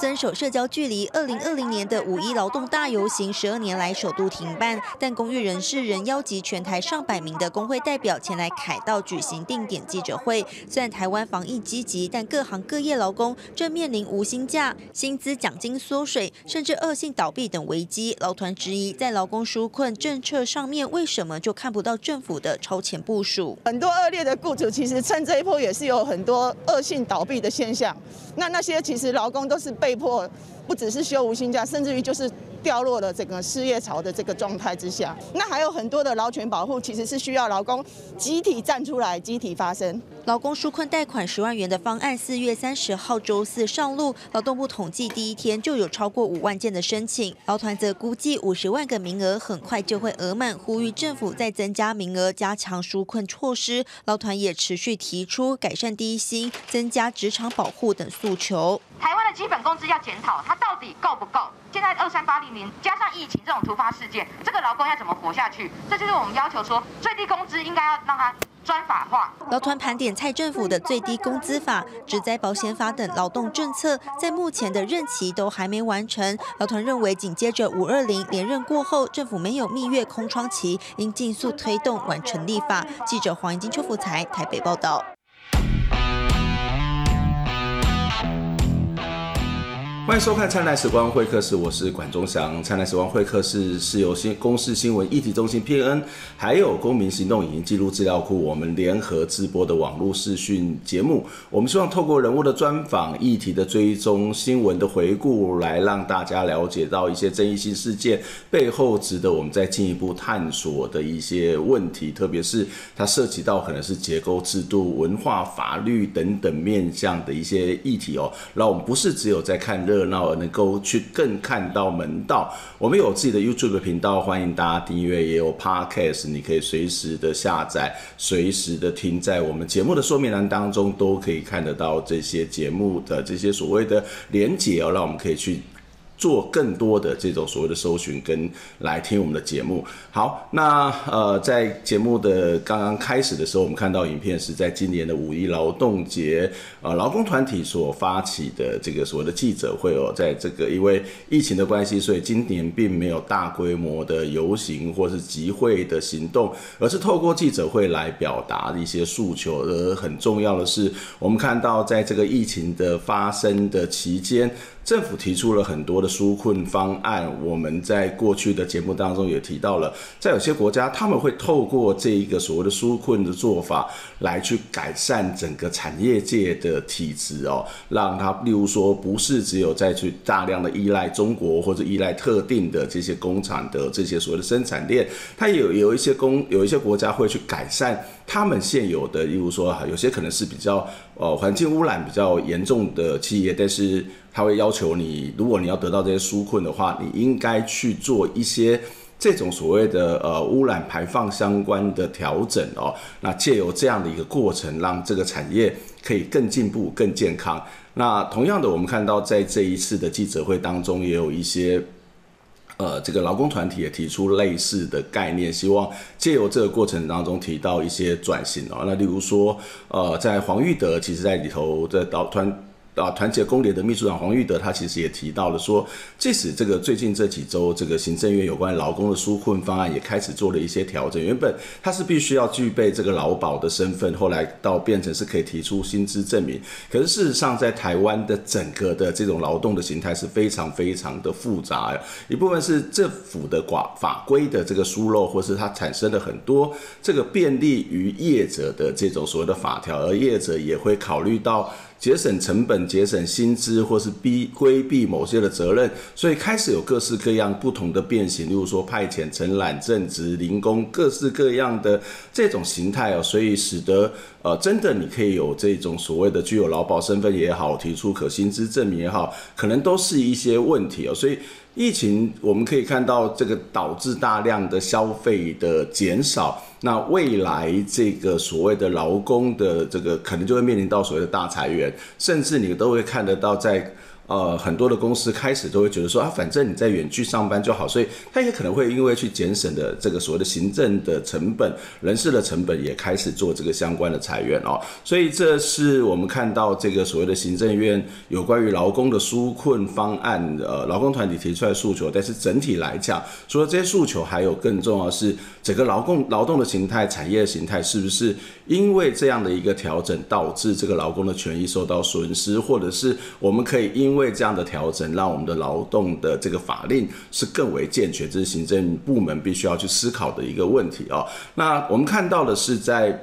遵守社交距離，二零二零年的五一勞動大遊行十二年來首度停辦，但工運人士仍邀集全台上百名的工會代表前來凱道舉行定點記者會。雖然台灣防疫積極，但各行各業勞工正面臨無薪假、薪資獎金縮水，甚至惡性倒閉等危機。勞團質疑，在勞工紓困政策上面，為什麼就看不到政府的超前部署？很多惡劣的雇主，其實趁這一波也是有很多惡性倒閉的現象。那那些其實勞工都是被迫。不只是休無薪假，甚至於就是掉落了這個失業潮的這個狀態之下，那還有很多的勞權保護其實是需要勞工集體站出來、集體發聲。勞工紓困貸款十萬元的方案，四月三十號周四上路，勞動部統計第一天就有超過五萬件的申請。勞團則估計五十萬個名額很快就會額滿，呼籲政府再增加名額、加強紓困措施。勞團也持續提出改善低薪、增加職場保護等訴求。台灣的基本工資要檢討，它到底夠不夠？現在二三八零零加上疫情這種突發事件，這個勞工要怎麼活下去？這就是我們要求說，最低工資應該要讓它專法化。勞團盤點蔡政府的最低工資法、職災保險法等勞動政策，在目前的任期都還沒完成。勞團認為，緊接着五二零連任過後，政府沒有蜜月空窗期，應盡速推動完成立法。記者黃彥金、邱福財，台北報道。歡迎收看《燦爛時光會客室》，我是管中祥。《燦爛時光會客室》是由新公視新聞議題中心 （P.N.） 還有公民行動影音記錄資料庫我們聯合製播的網絡視訊節目。我們希望透過人物的專訪、議題的追蹤、新聞的回顧，來讓大家了解到一些爭議性事件背後值得我們再進一步探索的一些問題，特別是它涉及到可能是結構、制度、文化、法律等等面向的一些議題哦。那我們不是只有在看熱。讓我能夠去更看到門道，我們有自己的 YouTube 頻道，歡迎大家訂閱，也有 Podcast，你可以隨時的下載，隨時的聽，在我們節目的說明欄當中都可以看得到這些節目的這些所謂的連結哦，讓我們可以去。做更多的這種所謂的搜尋，跟來聽我們的節目。好，那呃，在節目的剛剛開始的時候，我們看到影片是在今年的五一勞動節，呃，勞工團體所發起的這個所謂的記者會哦，在這個因為疫情的關係，所以今年並沒有大規模的遊行或是集會的行動，而是透過記者會來表達一些訴求。而很重要的是，我們看到在這個疫情的發生的期間。政府提出了很多的紓困方案，我們在過去的節目當中也提到了，在有些國家，他們會透過這一個所謂的紓困的做法，來去改善整個產業界的體制哦，讓它例如說，不是只有再去大量的依賴中國或者依賴特定的這些工廠的這些所謂的生產鏈，它有有一些工，有一些國家會去改善。他們現有的，例如說，有些可能是比較呃環境污染比較嚴重的企業，但是他會要求你，如果你要得到這些紓困的話，你應該去做一些這種所謂的呃污染排放相關的調整哦。那借由這樣的一個過程，讓這個產業可以更進步、更健康。那同樣的，我們看到在這一次的記者會當中，也有一些。呃，這個勞工團體也提出類似的概念，希望借由這個過程當中提到一些轉型啊、哦，那例如說，呃，在黃玉德，其實在裡頭在導團。啊，團結工聯的秘書長黃玉德，他其實也提到了說，即使這個最近這幾周，這個行政院有關勞工的紓困方案也開始做了一些調整。原本他是必須要具備這個勞保的身份，後來到變成是可以提出薪資證明。可是事實上，在台灣的整個的這種勞動的形態是非常非常的複雜。一部分是政府的法法規的這個疏漏，或是它產生了很多這個便利於業者的這種所謂的法條，而業者也會考慮到，節省成本，節省薪資，或是避規避某些的責任，所以開始有各式各樣不同的變形，例如說派遣、承攬、正職、零工，各式各樣的這種形態哦，所以使得呃，真的你可以有這種所謂的具有勞保身份也好，提出可薪資證明也好，可能都是一些問題哦，所以。疫情，我們可以看到這個導致大量的消費的減少，那未來這個所謂的勞工的這個可能就會面臨到所謂的大裁員，甚至你都會看得到在。呃，很多的公司開始都會覺得說啊，反正你在遠距上班就好，所以他也可能會因為去減省的這個所謂的行政的成本、人事的成本，也開始做這個相關的裁員哦。所以這是我們看到這個所謂的行政院有關於勞工的紓困方案，呃，勞工團體提出來的訴求。但是整體來講，除了這些訴求，還有更重要是整個勞工勞動的形態、產業的形態是不是因為這樣的一個調整，導致這個勞工的權益受到損失，或者是我們可以因為為這樣的調整，讓我們的勞動的這個法令是更為健全，這是行政部門必須要去思考的一個問題哦。那我們看到的是，在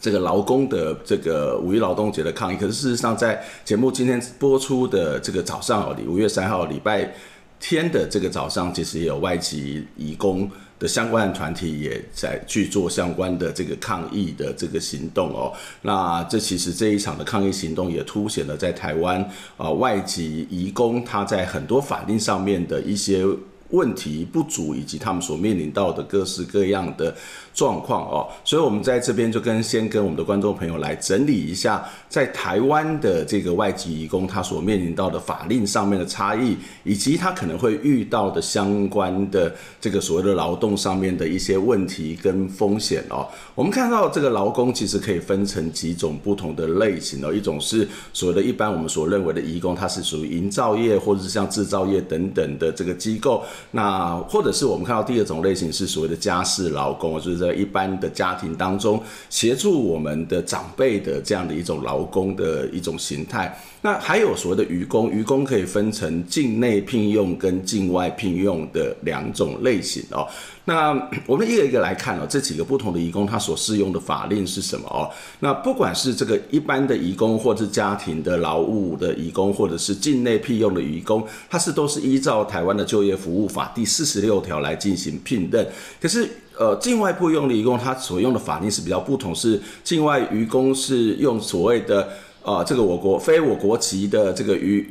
這個勞工的這個五一勞動節的抗議，可是事實上，在節目今天播出的這個早上哦，五月三號禮拜天的這個早上，其實也有外籍移工。的相關的團體也在去做相關的這個抗議的這個行動哦，那這其實這一場的抗議行動也凸顯了在台灣啊、呃、外籍移工他在很多法令上面的一些。問題不足，以及他們所面臨到的各式各樣的狀況哦，所以，我們在這邊就跟先跟我們的觀眾朋友來整理一下，在台灣的這個外籍移工，他所面臨到的法令上面的差異，以及他可能會遇到的相關的這個所謂的勞動上面的一些問題跟風險哦。我們看到這個勞工其實可以分成幾種不同的類型哦，一種是所謂的一般我們所認為的移工，他是屬於營造業或者是像製造業等等的這個機構。那或者是我們看到第二種類型是所謂的家事勞工，就是在一般的家庭當中協助我們的長輩的這樣的一種勞工的一種形態。那還有所謂的漁工，漁工可以分成境內聘用跟境外聘用的兩種類型哦。那我們一個一個來看哦，這幾個不同的移工他所適用的法令是什麼哦？那不管是這個一般的移工，或是家庭的勞務的移工，或者是境內聘用的移工，它是都是依照台灣的就業服務法第四十六條來進行聘任。可是，呃，境外聘用的移工他所用的法令是比較不同，是境外移工是用所謂的呃，這個我國非我國籍的這個漁。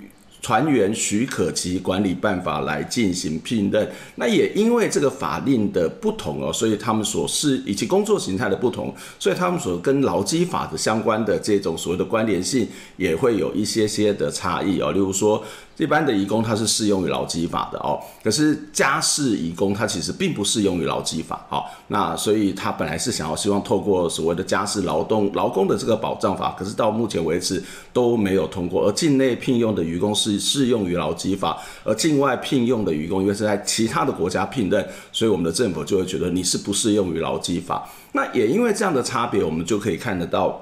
船員許可及管理辦法來進行聘任，那也因為這個法令的不同哦，所以他們所屬以及工作形態的不同，所以他們所跟勞基法的相關的這種所謂的關聯性也會有一些些的差異哦，例如說。一般的移工他是適用於勞基法的哦，可是家事移工他其實並不適用於勞基法啊、哦。那所以他本來是想要希望透過所謂的家事勞動勞工的這個保障法，可是到目前為止都沒有通過。而境內聘用的移工是適用於勞基法，而境外聘用的移工因為是在其他的國家聘任，所以我們的政府就會覺得你是不適用於勞基法。那也因為這樣的差別，我們就可以看得到。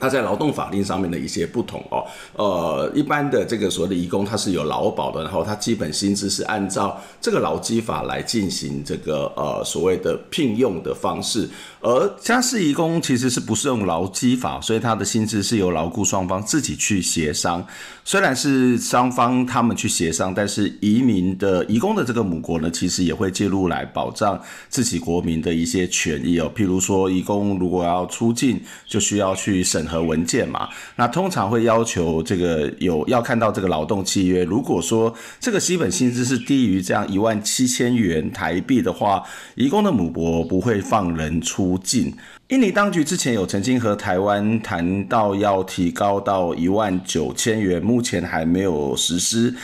它在勞動法令上面的一些不同哦，呃，一般的這個所謂的移工，他是有勞保的，然後他基本薪資是按照這個勞基法來進行這個呃所謂的聘用的方式，而家事移工其實是不是用勞基法，所以他的薪資是由勞雇雙方自己去協商。雖然是雙方他們去協商，但是移民的，移工的這個母國呢，其實也會介入來保障自己國民的一些權益哦，譬如說移工如果要出境，就需要去審。和文件嘛，那通常會要求這個有要看到這個勞動契約。如果說這個基本薪資是低於這樣一萬七千元台幣的話，移工的母國不會放人出境。印尼當局之前有曾經和台灣談到要提高到一萬九千元，目前還沒有實施。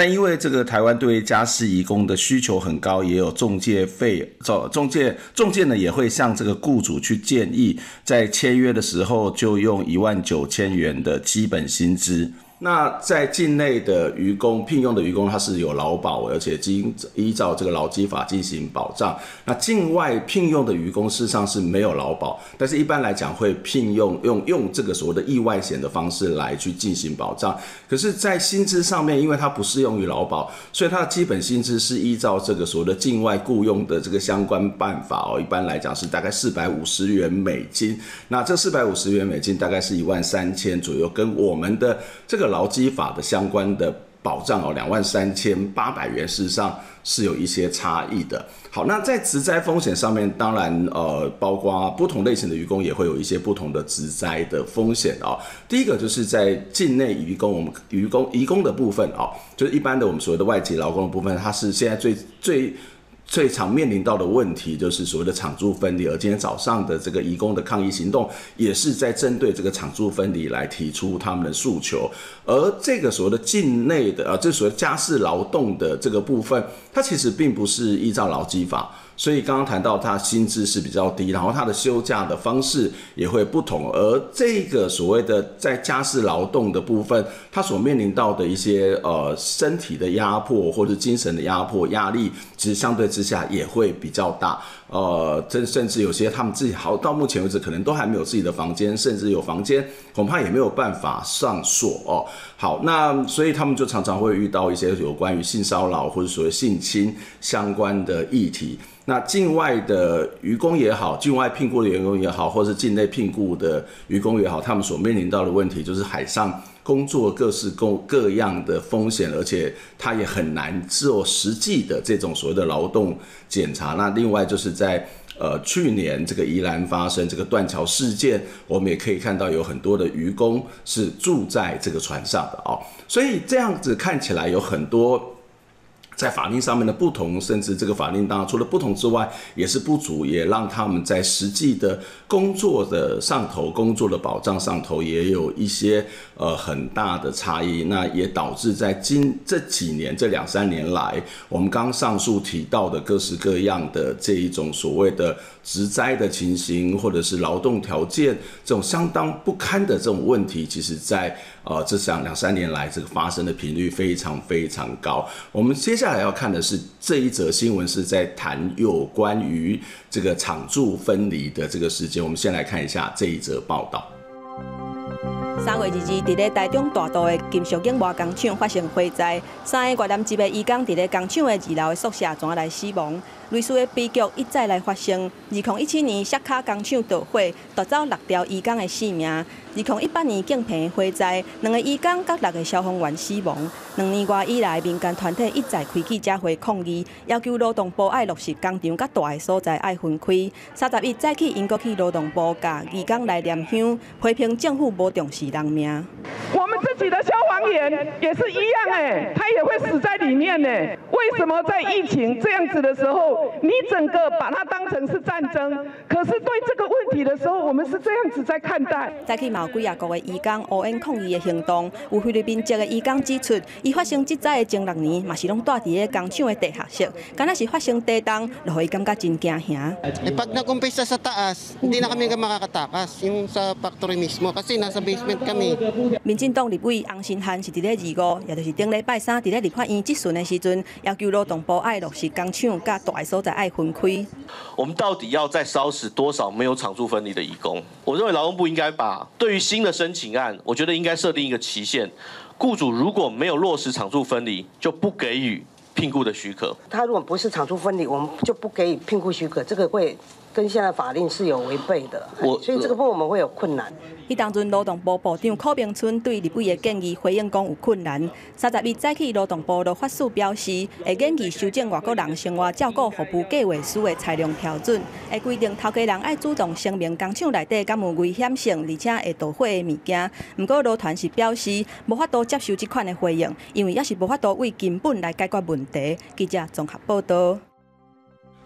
但因為這個台灣對於家事移工的需求很高，也有中介費，中、中介中介呢也會向這個僱主去建議，在簽約的時候就用一萬九千元的基本薪資。那在境內的漁工聘用的漁工，他是有勞保，而且經依照這個勞基法進行保障。那境外聘用的漁工事實上是沒有勞保，但是一般來講會聘用用用這個所謂的意外險的方式來去進行保障。可是，在薪資上面，因為它不適用於勞保，所以它的基本薪資是依照這個所謂的境外雇傭的這個相關辦法哦，一般來講是大概四百五十元美金。那這四百五十元美金大概是一萬三千左右，跟我們的這個。勞基法的相關的保障哦，兩萬三千八百元，事實上是有一些差異的。好，那在職災風險上面，當然呃，包括不同類型的移工也會有一些不同的職災的風險哦。第一個就是在境內移工，我們移工、移工的部分哦，就是一般的我們所謂的外籍勞工的部分，它是現在最最。最常面臨到的問題就是所謂的廠住分離，而今天早上的這個移工的抗議行動，也是在針對這個廠住分離來提出他們的訴求。而這個所謂的境內的啊，這所謂家事勞動的這個部分，它其實並不是依照勞基法。所以剛剛談到，他薪資是比較低，然後他的休假的方式也會不同，而這個所謂的在家事勞動的部分，他所面臨到的一些呃身體的壓迫或者精神的壓迫壓力，其實相對之下也會比較大。呃，甚甚至有些他們自己好到目前為止，可能都還沒有自己的房間，甚至有房間恐怕也沒有辦法上鎖哦。好，那所以他們就常常會遇到一些有關於性騷擾或者所謂性侵相關的議題。那境外的漁工也好，境外聘僱的員工也好，或者是境內聘僱的漁工也好，他們所面臨到的問題就是海上工作各式各各樣的風險，而且他也很難做實際的這種所謂的勞動檢查。那另外就是在呃去年這個宜蘭發生這個斷橋事件，我們也可以看到有很多的漁工是住在這個船上的啊、哦，所以這樣子看起來有很多。在法令上面的不同，甚至這個法令當然除了不同之外，也是不足，也讓他們在實際的工作的上頭、工作的保障上頭，也有一些呃很大的差異。那也導致在今這幾年、這兩三年來，我們剛上述提到的各式各樣的這一種所謂的職災的情形，或者是勞動條件這種相當不堪的這種問題，其實在。呃，這兩三年來，這個發生的頻率非常非常高。我們接下來要看的是這一則新聞，是在談有關於這個廠住分離的這個事件。我們先來看一下這一則報道。三月二十二日，台中大道的金屬件化工廠發生火災，三名越南籍的移工在咧工廠的二樓宿舍，怎啊來死亡。類似的悲劇一再來發生。二零一七年沖冲冲，石卡工廠大火奪走六條移工的性命。自從一八年敬鵬火災，兩個移工甲六個消防員死亡。兩年外以來，民間團體一再開記者會抗議，要求勞動部要落實工廠甲大個所在要分開。三十一再次，英國去勞動部甲移工來念鄉，批評政府無重視人命。自己的消防員也是一樣哎，他也會死在裡面呢。為什麼在疫情這樣子的時候，你整個把它當成是戰爭？可是對這個問題的時候，我們是這樣子在看待。再去毛貴亞國的伊剛奧恩抗議的行動，有菲律賓籍的伊剛指出，伊發生積災的前六年嘛是攏待在工廠的地下室，敢是發生低檔，就讓伊感覺真驚嚇。因為說 factory miss，莫可是那說 basement 可沒。民進黨內位洪申翰是佇咧二五，也著是頂禮拜三佇咧立法院質詢的時陣，要求勞動部愛落實工廠甲大的所在愛分開。我們到底要再燒死多少沒有廠駐分離的移工？我認為勞動部應該把對於新的申請案，我覺得應該設定一個期限，雇主如果沒有落實廠駐分離，就不給予聘雇的許可。他如果不是廠駐分離，我們就不給予聘雇許可，這個會。跟現在法令是有違背的，的所以這個部分我們會有困難。當陣勞動部部長許銘春對立委的建議回應講有困難。三十日早起，勞動部的法訴表示，會建議修正外國人生活照顧服務計劃書的裁量標準，會規定頭家人要主動聲明工廠內底敢有危險性，而且會塗火的物件。不過勞團是表示無法度接受這款的回應，因為也是無法度為根本來解決問題。記者綜合報道。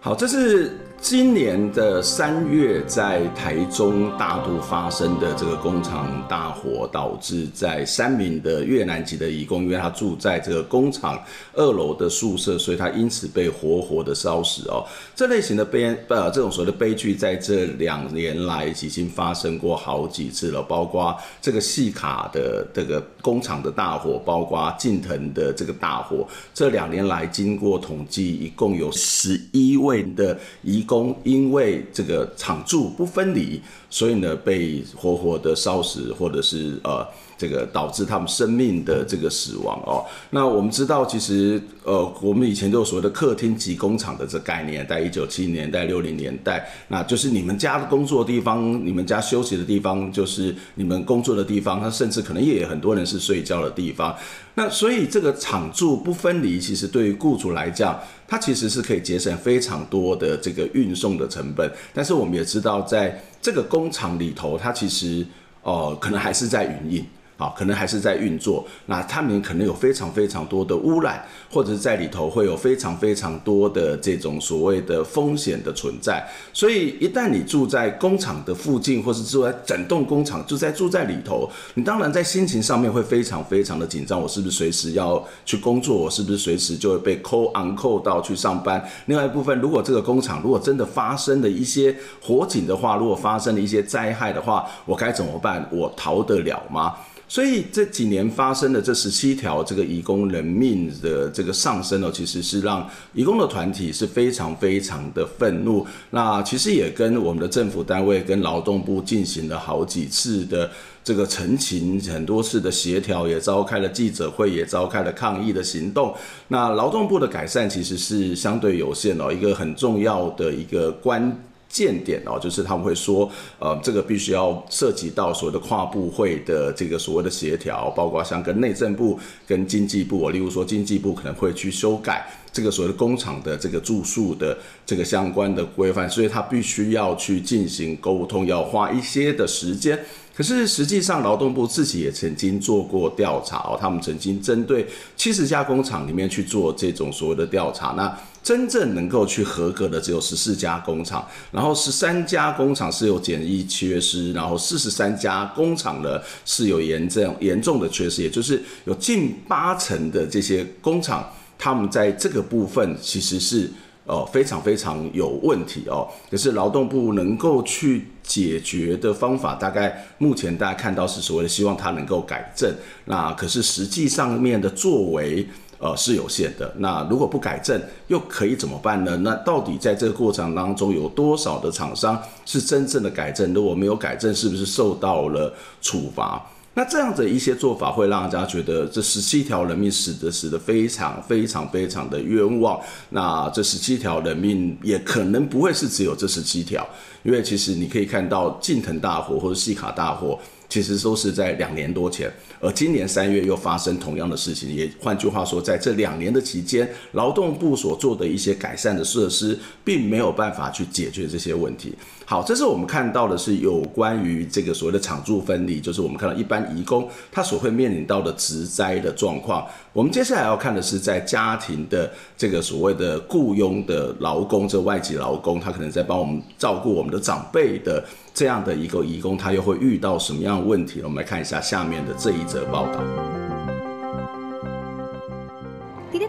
好，這是。今年的三月，在台中大肚發生的這個工廠大火，導致在三名的越南籍的移工，因為他住在這個工廠二樓的宿舍，所以他因此被活活的燒死哦。這類型的悲呃，這種所謂的悲劇，在這兩年來已經發生過好幾次了，包括這個矽卡的這個工廠的大火，包括敬鵬的這個大火。這兩年來，經過統計，一共有十一位的移工因為這個廠住不分離，所以呢，被活活的燒死，或者是呃。這個導致他們生命的這個死亡哦。那我們知道，其實呃，我們以前就所謂的客廳即工廠的這概念，在一九七零年代、六零年代，那就是你們家的工作的地方，你們家休息的地方，就是你們工作的地方。那甚至可能也有很多人是睡覺的地方。那所以這個廠住不分離，其實對於僱主來講，它其實是可以節省非常多的這個運送的成本。但是我們也知道，在這個工廠裡頭，它其實呃，可能還是在運營。啊，可能還是在運作，那他們可能有非常非常多的污染，或者是在裡頭會有非常非常多的這種所謂的風險的存在。所以，一旦你住在工廠的附近，或是住在整棟工廠，住在住在裡頭，你當然在心情上面會非常非常的緊張。我是不是隨時要去工作？我是不是隨時就會被 call on call 到去上班？另外一部分，如果這個工廠如果真的發生了一些火警的話，如果發生了一些災害的話，我該怎麼辦？我逃得了嗎？所以這幾年發生的這十七條這個移工人命的這個上升呢，其實是讓移工的團體是非常非常的憤怒。那其實也跟我們的政府單位跟勞動部進行了好幾次的這個陳情，很多次的協調，也召開了記者會，也召開了抗議的行動。那勞動部的改善其實是相對有限哦，一個很重要的一個關。見點哦，就是他們會說，呃，這個必須要涉及到所謂的跨部會的這個所謂的協調，包括像跟內政部、跟經濟部，例如說經濟部可能會去修改這個所謂的工廠的這個住宿的這個相關的規範，所以他必須要去進行溝通，要花一些的時間。可是實際上勞動部自己也曾經做過調查哦，他們曾經針對七十家工廠裡面去做這種所謂的調查，那。真正能夠去合格的只有十四家工廠，然後十三家工廠是有簡易缺失，然後四十三家工廠呢是有嚴重嚴重的缺失，也就是有近八成的這些工廠，他們在這個部分其實是呃非常非常有問題哦。可是勞動部能夠去解決的方法，大概目前大家看到是所謂的希望它能夠改正，那可是實際上面的作為。呃，是有限的。那如果不改正，又可以怎麼辦呢？那到底在這個過程當中，有多少的廠商是真正的改正？如果沒有改正，是不是受到了處罰？那這樣的一些做法，會讓人家覺得這十七條人命死的死的非常非常非常的冤枉。那這十七條人命也可能不會是只有這十七條，因為其實你可以看到，敬鵬大火或者矽卡大火，其實都是在兩年多前。而今年三月又發生同樣的事情，也換句話說，在這兩年的期間，勞動部所做的一些改善的設施，並沒有辦法去解決這些問題。好，這是我們看到的是有關於這個所謂的廠住分離，就是我們看到一般移工他所會面臨到的直災的狀況。我們接下來要看的是在家庭的這個所謂的雇傭的勞工，這外籍勞工，他可能在幫我們照顧我們的長輩的。這樣的一個移工，他又會遇到什麼樣的問題呢？我們來看一下下面的這一則報道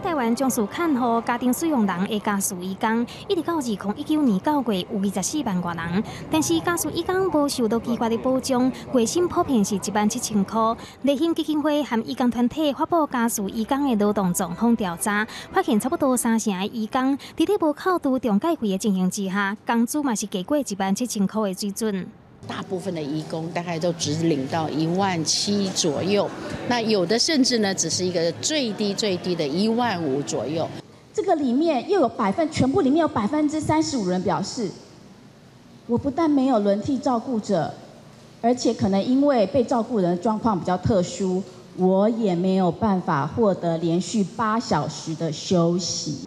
在臺灣眾所看好家庭使用人，會家屬移工一直到二零一九年九月，有二十四萬多人。但是家屬移工無受到機關的保障，月薪普遍是一萬七千元。內縣基金會和移工團體發布家屬移工的勞動狀況調查，發現差不多三成的移工，佇佇無扣除中介費的情形之下，工資嘛是低過一萬七千元的水準。大部分的移工大概都只領到一萬七左右，那有的甚至呢，只是一個最低最低的一萬五左右。這個裡面又有百分，全部裡面有百分之三十五人表示，我不但沒有輪替照顧者，而且可能因為被照顧人的狀況比較特殊，我也沒有辦法獲得連續八小時的休息。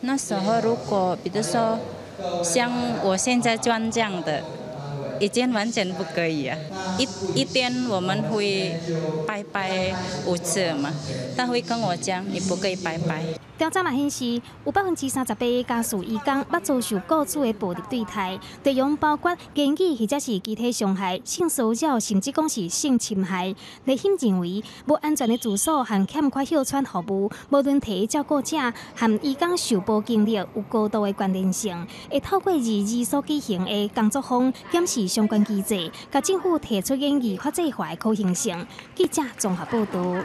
那時候，如果比如說，像我現在轉這樣的，已經完全不可以啊。一一天我們會拜拜五次嘛，他會跟我講你不可以拜拜。調查顯示，有百分之三十八的家事移工要遭受僱主的暴力對待，內容包括言語或者是肢體傷害、性騷擾，甚至講是性侵害。李欣認為，無安全的住所和欠款、休喘服務，無論提照顧者和移工受暴經歷有高度的關聯性。會透過二二所舉行的工作坊檢視相關機制，甲政府提出建議或計劃可行性。記者綜合報道。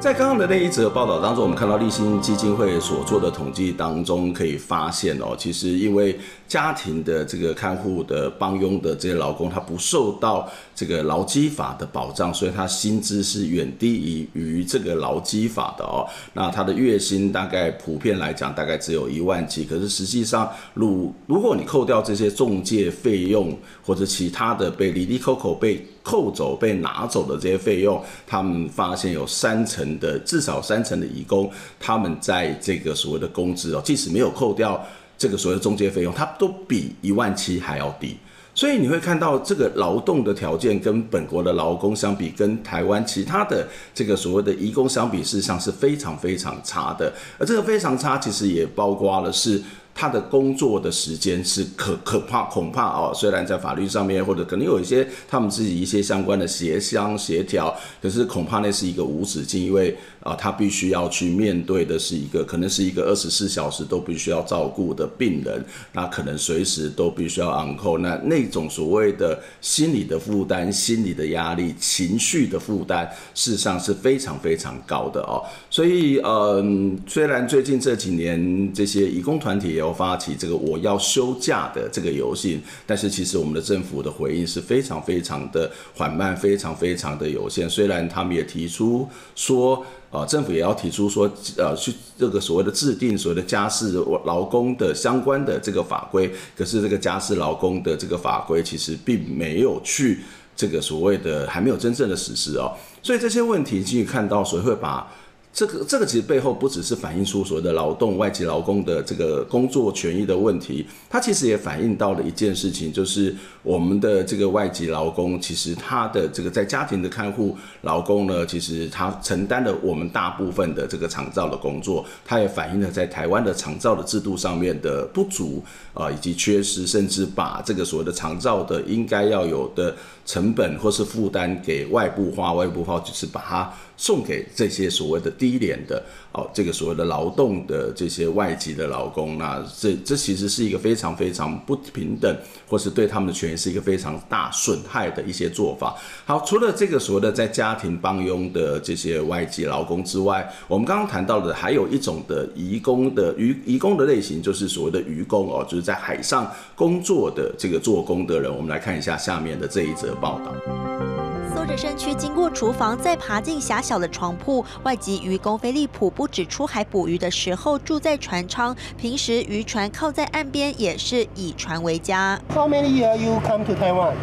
在剛剛的那一則報道當中，我們看到立新基金會所做的統計當中，可以發現哦，其實因為家庭的這個看護的幫傭的這些勞工，他不受到這個勞基法的保障，所以他薪資是遠低於於這個勞基法的哦。那他的月薪大概普遍來講，大概只有一萬幾。可是實際上，如如果你扣掉這些仲介費用或者其他的被利扣扣被。扣走被拿走的這些費用，他們發現有三成的，至少三成的移工，他們在這個所謂的工資哦，即使沒有扣掉這個所謂的中介費用，它都比一萬七還要低。所以你會看到這個勞動的條件跟本國的勞工相比，跟台灣其他的這個所謂的移工相比，事實上是非常非常差的。而這個非常差，其實也包括了是。他的工作的時間是可可怕，恐怕哦。雖然在法律上面或者可能有一些他們自己一些相關的協商協調，可是恐怕那是一個無止境，因為啊，他必須要去面對的是一個可能是一個二十四小時都必須要照顧的病人，那可能隨時都必須要 uncle。那那種所謂的心理的負擔、心理的壓力、情緒的負擔，事實上是非常非常高的哦。所以嗯，雖然最近這幾年這些移工團體也有、哦。發起這個我要休假的這個遊行，但是其實我們的政府的回應是非常非常的緩慢，非常非常的有限。雖然他們也提出說，呃，政府也要提出說，呃，去這個所謂的制定所謂的家事勞工的相關的這個法規，可是這個家事勞工的這個法規其實並沒有去這個所謂的還沒有真正的實施哦。所以這些問題，繼續看到誰會把。這個這個其實背後不只是反映出所謂的勞動外籍勞工的這個工作權益的問題，它其實也反映到了一件事情，就是我們的這個外籍勞工，其實他的這個在家庭的看護勞工呢，其實他承擔了我們大部分的這個長照的工作，它也反映了在台灣的長照的制度上面的不足啊，呃，以及缺失，甚至把這個所謂的長照的應該要有的成本或是負擔給外部化，外部化就是把它，送給這些所謂的低廉的哦，這個所謂的勞動的這些外籍的勞工，那這這其實是一個非常非常不平等，或是對他們的權益是一個非常大損害的一些做法。好，除了這個所謂的在家庭幫傭的這些外籍勞工之外，我們剛剛談到的還有一種的漁工的漁漁工的類型，就是所謂的漁工哦，就是在海上工作的這個做工的人。我們來看一下下面的這一則報道拖着身軀經過廚房，再爬進狹小的床鋪。外籍漁工菲利普不只出海捕魚的時候住在船艙，平時漁船靠在岸邊也是以船為家。How many years you come to Taiwan?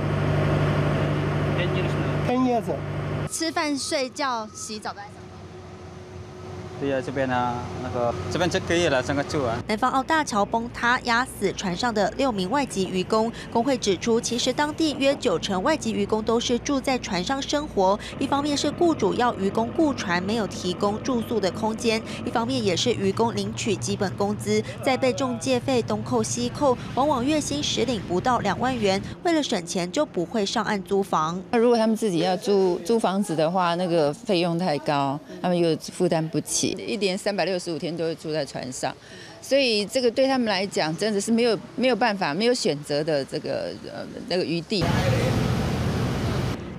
Ten years. Ten years. 吃飯、睡覺、洗澡的。對啊，這邊呢，那個這邊就可以了，三個住啊。南方澳大橋崩塌，壓死船上的六名外籍漁工。工會指出，其實當地約九成外籍漁工都是住在船上生活。一方面是僱主要漁工僱船，沒有提供住宿的空間，一方面也是漁工領取基本工資，再被仲介費東扣西扣，往往月薪實領不到兩萬元。為了省錢，就不會上岸租房。那如果他們自己要租租房子的話，那個費用太高，他們又負擔不起。一年三百六十五天都會住在船上，所以這個對他們來講，真的是沒有沒有辦法、沒有選擇的這個呃那個餘地。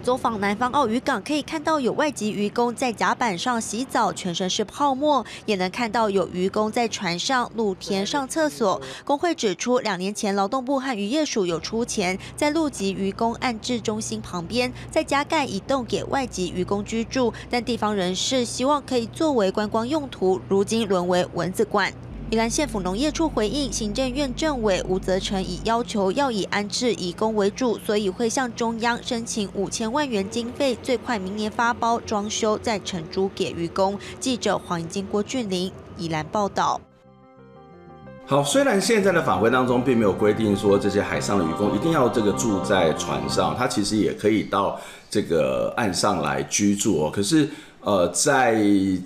走訪南方澳漁港，可以看到有外籍漁工在甲板上洗澡，全身是泡沫；也能看到有漁工在船上露天上廁所。工會指出，兩年前勞動部和漁業署有出錢，在陸籍漁工安置中心旁邊再加蓋一棟給外籍漁工居住，但地方人士希望可以作為觀光用途，如今淪為蚊子館。宜蘭縣府農業處回應，行政院政委吳澤成已要求要以安置移工為主，所以會向中央申請五千萬元經費，最快明年發包裝修，再承租給漁工。記者黃金郭俊霖，宜蘭報道。好，雖然現在的法規當中並沒有規定說這些海上的漁工一定要這個住在船上，他其實也可以到這個岸上來居住哦。可是。呃，在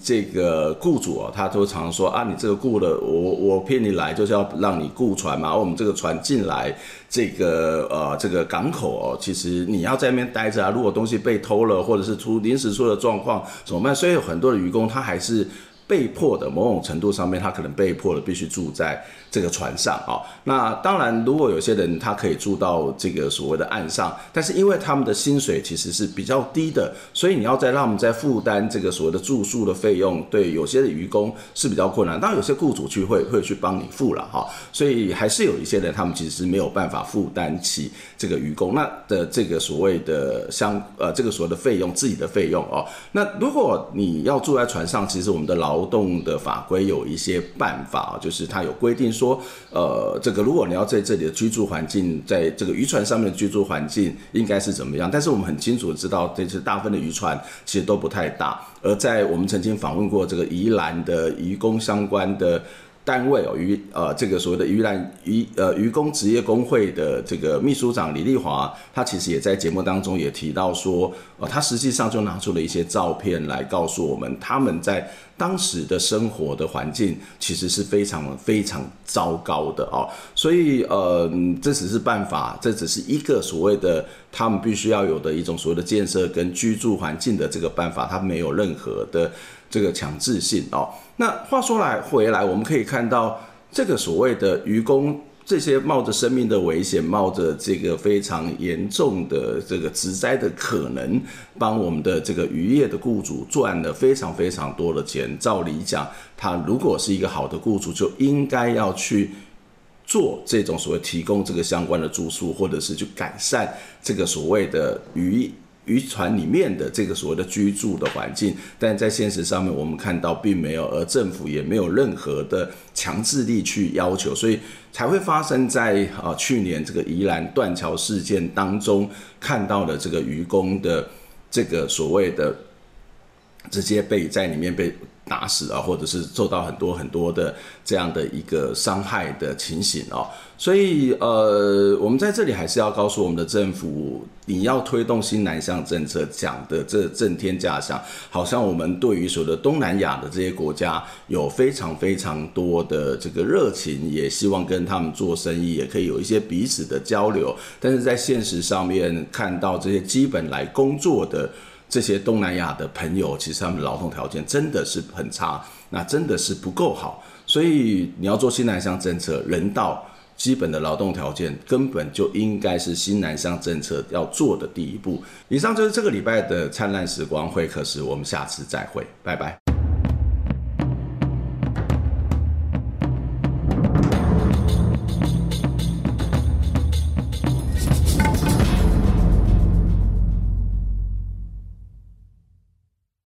這個雇主啊、哦，他都常說啊，你這個雇了，我，我聘你來就是要讓你顧船嘛。我們這個船進來這個呃這個港口哦，其實你要在那邊待着啊。如果東西被偷了，或者是出臨時出了狀況怎麼辦？所以有很多的漁工他還是被迫的，某種程度上面他可能被迫的必須住在。這個船上啊，那當然，如果有些人他可以住到這個所謂的岸上，但是因為他們的薪水其實是比較低的，所以你要再讓他們再負擔這個所謂的住宿的費用，對有些的漁工是比較困難。當然有些雇主去會會去幫你付了哈，所以還是有一些人他們其實是沒有辦法負擔起這個漁工，那的這個所謂的相，呃，這個所謂的費用，自己的費用哦。那如果你要住在船上，其實我們的勞動的法規有一些辦法，就是它有規定，說，呃，這個如果你要在這裡的居住環境，在這個漁船上面的居住環境應該是怎麼樣？但是我們很清楚知道，這次大部分的漁船其實都不太大，而在我們曾經訪問過這個宜蘭的漁工相關的。單位哦，於呃，這個所謂的蘭於蘭於呃，漁工職業工會的這個秘書長李麗華，他其實也在節目當中也提到說，呃，他實際上就拿出了一些照片來告訴我們，他們在當時的生活的環境其實是非常非常糟糕的哦。所以呃，這只是辦法，這只是一個所謂的他們必須要有的一種所謂的建設跟居住環境的這個辦法，它沒有任何的這個強制性哦。那話說來回來，我們可以看到這個所謂的漁工，這些冒着生命的危險，冒着這個非常嚴重的這個職災的可能，幫我們的這個漁業的雇主賺了非常非常多的錢。照理講，他如果是一個好的雇主，就應該要去做這種所謂提供這個相關的住宿，或者是去改善這個所謂的漁。漁船裡面的這個所謂的居住的環境，但在現實上面我們看到並沒有，而政府也沒有任何的強制力去要求，所以才會發生在啊去年這個宜蘭斷橋事件當中看到的這個漁工的這個所謂的。直接被在裡面被打死啊，或者是受到很多很多的這樣的一個傷害的情形哦。所以呃，我們在這裡還是要告訴我們的政府，你要推動新南向政策講的這震天價響，好像我們對於所謂的東南亞的這些國家有非常非常多的這個熱情，也希望跟他們做生意，也可以有一些彼此的交流，但是在現實上面看到這些基本來工作的。這些東南亞的朋友，其實他們的勞動條件真的是很差，那真的是不夠好。所以你要做新南向政策，人道基本的勞動條件根本就應該是新南向政策要做的第一步。以上就是這個禮拜的燦爛時光會客室，我們下次再會，拜拜。